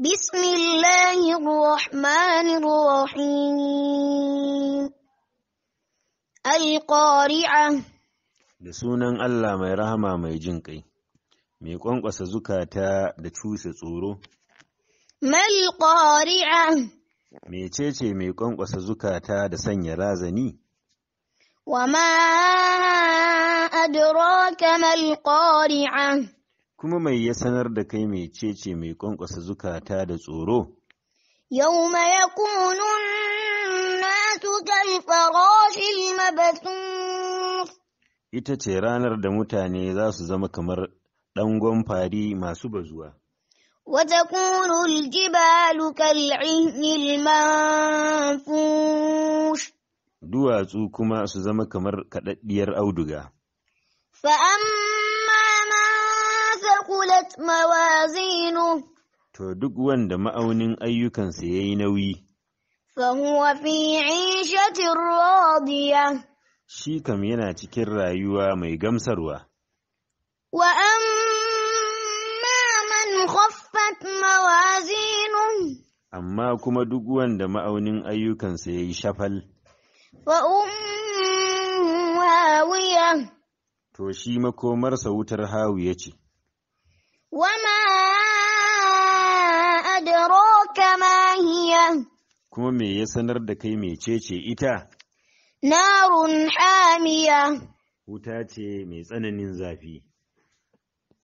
Bismillahi الله الرحمن الرحيم da sunan Allah mai rahama mai jin ƙai, mai ƙwanƙwasa zukata da cushe tsoro. Mal ƙari'a Mecece mai ƙwanƙwasa zukata da sanya razani? Wa ma adraka mal ƙari'a kuma mai ya sanar da kai mai cece mai ƙwanƙwasa zukata da tsoro? Yau ma ya kunun nasu kalfaroshin mabasun. Ita ce ranar da mutane za su zama kamar ɗangon fari masu bazuwa. Wata kunul jibalu kal'inil manfush. Duwatsu kuma su zama kamar kaɗaɗɗiyar auduga. Fa'amma ثقلت mawazinu. to duk wanda ma'aunin ayyukansa ya yi nauyi. Fahuwa fi ishatin radiya. Shi kam yana cikin rayuwa mai gamsarwa. Wa amma man khaffat mawazinu. Amma kuma duk wanda ma'aunin ayyukansa ya yi shafal. Fa hawiya. To shi makomarsa wutar hawiya ce. وما أدراك ما هي كما مي يسنر دكي مي تشيشي إتا نار حامية وتاتي مي سنن زافي